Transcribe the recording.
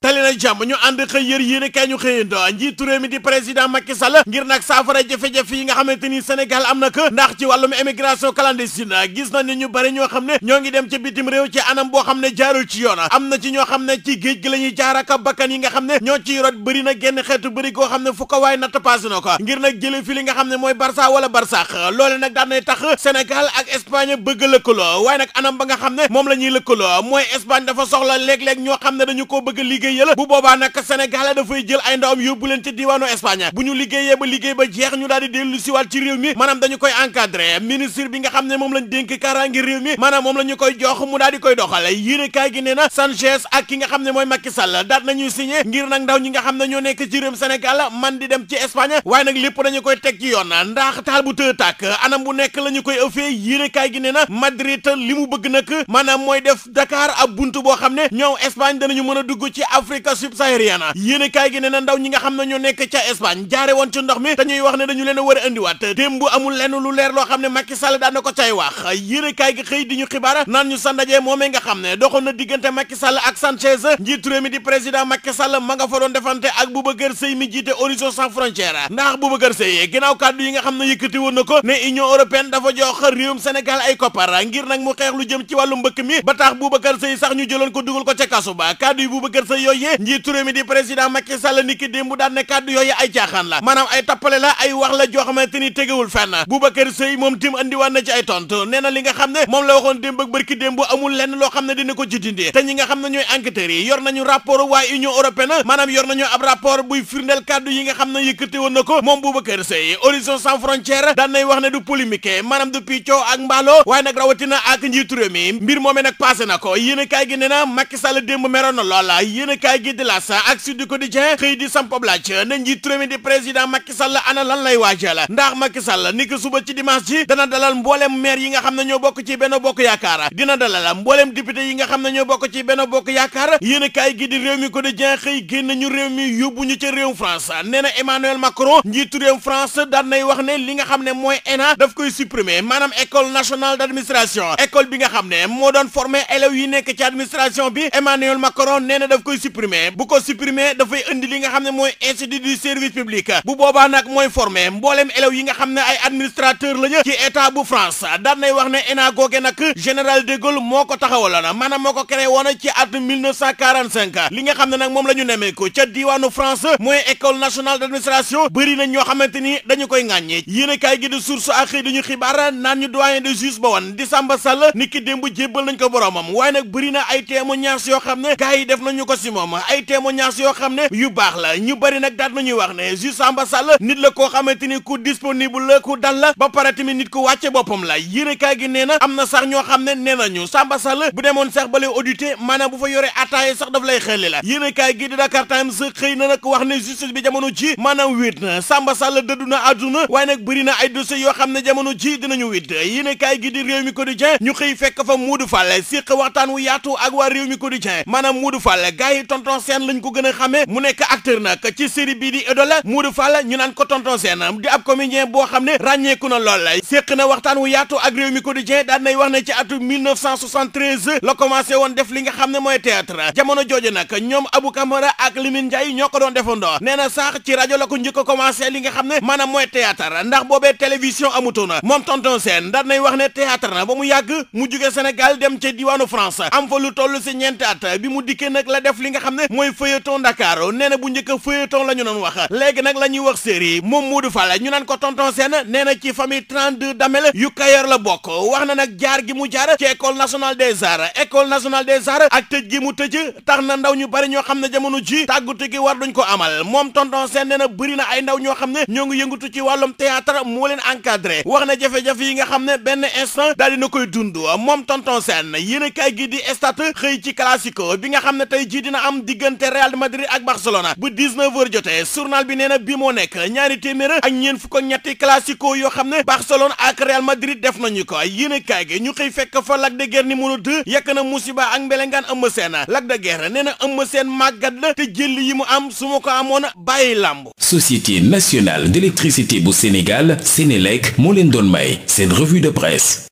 tali na jàmm ñu ànd xëy yër yéene kaa ñu xëyando njiitu mi di président Macky Sall ngir nag saafara jafe-jafe yi nga xamante ni Sénégal am na ko ndax ci wàllum émigration clandestine gis na ni ñu bare ñoo xam ne ñoo ngi dem ci bitim réew ci anam boo xam ne jaarul ci yoon am na ci ñoo xam ne ci géej gi la ñuy jaar ak bakkan yi nga xam ne ñoo ci rot bëri na genn xeetu bëri goo xam ne fu ko waay natt passé na ko ngir nag jële fi li nga xam ne mooy Barça wala Barsax loole nag daan nay tax ak Espagne bëgg lëkkaloo waaye nag anam ba nga xam ne moom la ñuy lëkkaloo mooy Espagne dafa soxla léeg-léeg xam ne dañu ko bëgg liggéey liggéey la bu boobaa nag Sénégal dafay jël ay ndawam yóbbu leen ci diwaanu Espagne bu ñu liggéeyee ba liggéey ba jeex ñu daal di dellu siwaat ci réew mi maanaam dañu koy encadré ministre bi nga xam ne moom lañ dénk kaaraange réew mi koy jox mu daal koy doxale yéene gi nee na Sanchez ak ki nga xam ne mooy Macky Sall daat nañuy signé ngir nag ndaw ñi nga xam ne nekk ci réew Sénégal man di dem ci Espagne waaye nag lépp dañu koy teg ci yoon ndax taal bu tëë tàkk anam bu nekk la ñu koy gi na Madrid li mu bëgg nag maanaam mooy def Dakar ab bunt boo xam ne ñoom Espagne danañu mën a dugg Afrique subsaharienne yéen kaay gi nee na ndaw ñi nga xam ne nekk ca Espagne jaare woon ci ndox mi dañuy wax ne dañu leen a war a indiwaat démb amul lenn lu leer loo xam ne Macky Sall daan na ko cay wax yéen kaay gi xëy di ñu xibaar naan ñu sa ndaje moomee nga xam ne doxoon na diggante Macky Sall ak Sanchez njiitu réew mi di président Macky Sall ma nga fa doon defante ak Boubacar Sèye mi jiite Horizon sans frontières ndax Boubacar Sèye ginnaaw kàddu yi nga xam ne na ko ne ay koppar ngir nag mu xeex lu jëm ci wàllu mbëkk mi ba tax Boubacar Sèye sax ñu yooyee njiitu réew mi di ni ki démb daan ne kàddu yooyu ay caaxaan la moom tim andiwaat na nga xam ne moom la waxoon démb ak bërki démb amul lenn loo xam ne dina ko ci dindi te ñi nga xam ne ñooy enquêteurs yi yor nañu rapport waa Union européenne maanaam yor nañu ab rapport buy firndeel kàddu yi nga xam ne yëkkati woon na ko moom Boubacar Seye Horizon sans frontières daan wax ne du polémique maanaam du piccoo ak mbaaloo waaye nag rawatina ak njiitu réew mbir moomee nag passé na ko yéen a kaay gi nee na Macky démb meroon na loola kaay gi di laas ak Sud Quotidien xëy di sampob laaj na njiit réew mi di président Macky Sall ana lan lay waajal ndax Macky Sall ni suba ci dimanche ji dana dalal mbooleem maire yi nga xam ne ñoo bokk ci benn bokk yaakaar dina dalal mbooleem député yi nga xam ne ñoo bokk ci benn bokk yaakaar yéen kaay gi di réew mi Quotidien xëy génn ñu réew mi yóbbu ñu ca réew France nee na Emmanuel njiitu réew France daan wax ne li nga xam ne mooy ENA daf koy supprimer maanaam école nationale d'administration école bi nga xam ne moo doon yi nekk ci bi Emmanuel Macron supprimer bu ko supprimer dafay indi li nga xam ne mooy institut du service public bu boobaa nag mooy former mbooleem élèves yi nga xam ne ay administrateur lañu ci état bu France daan wax ne ENA nag général de Gaulle moo ko taxawaloon maanaam moo ko créé ci at li nga xam ne nag moom la ñu ca diwaanu France mooy école nationale d' administration ñoo xamante ni dañu koy ŋàññi yéen a kaay gi di source ak xëy dañu xibaar naan ñu doyen de juge moom ay témoignages yoo xam ne yu baax la ñu bari nag daat nañuy wax ne juge Samba Sall nit la koo xamante ni ku disponible la ku dal la ba pare tamit nit ku wàcce boppam la yéenekaay gi nee na am na sax ñoo xam ne nee nañu Samba Sall bu demoon sax ba lay audité maanaam bu fa yore attaaye sax daf lay xelli la yéenekaay gi di Dakar Times xëy na nag wax ne justice bi jamono ji maanaam wéet na Samba Sall dëddu na àdduna waaye nag bëri na ay dossiers yoo xam ne jamono ji dinañu ñu xëy fekk fa Moodu Fall tonton Sène lañ ko gën a mu nekk acteur nag ci série bii di Idoles Modou Fall ñu naan ko tonton Sène di ab comédien boo xam ne ràññeeku na lool séq na waxtaan wu yaatu ak réew mi quotidien daan nay wax ne ci atu 1973 la commencé woon def li nga xam ne mooy théâtre jamono jooju nag ñoom Abou Camara ak Limine Ndiaye ñoo ko doon defandoo nee na sax ci rajo la ko njëkk a li nga xam ne maanaam mooy théâtre ndax boobee télévision amutoon ne théâtre na ba mu yàgg mu jugee dem ca diwaanu France am fa lu la def li nga nga xam ne mooy feuilleton Dakar nee na bu njëkk feuilleton la ñu doon wax léegi nag la ñuy wax série moom Modou Fall ñu naan ko tonton Sène nee na ci famille 32 Damel yu Kayor la bokk wax na nag jaar gi mu jaar ci école nationale des arts école nationale des arts ak tëj gi mu tëj tax na ndaw ñu bari ñoo xam ne jamono ji tàggatu gi war duñ ko amal moom tonton Sène nee na bëri na ay ndaw ñoo xam ne ñoo ngi yëngatu ci wàllum théâtre moo leen encadré wax na jafe yi nga xam ne benn instant daal dina koy dund moom tonton Sène yéen a kaay gi di stade xëy ci classico bi nga xam ne tey jii dina am diggante Real Madrid ak Barcelona bu 19h jotee journal bi nee na bi moo nekk ñaari téeméer ak ñeent fukk ak ñetti classico yoo xam ne Barcelone ak Real Madrid def nañu ko yéenekaay gi ñu xëy fekk fa Lac de Guiers numéro 2 yekk na musiba ak mbelengaan Eumeu Sène Lac de Guiers nee na Eumeu Sène màggat la te jël yi mu am su ma ko amoon bàyyi làmb. Société nationale d'électricité bu Sénégal Sénélec moo leen doon may seen revue de presse.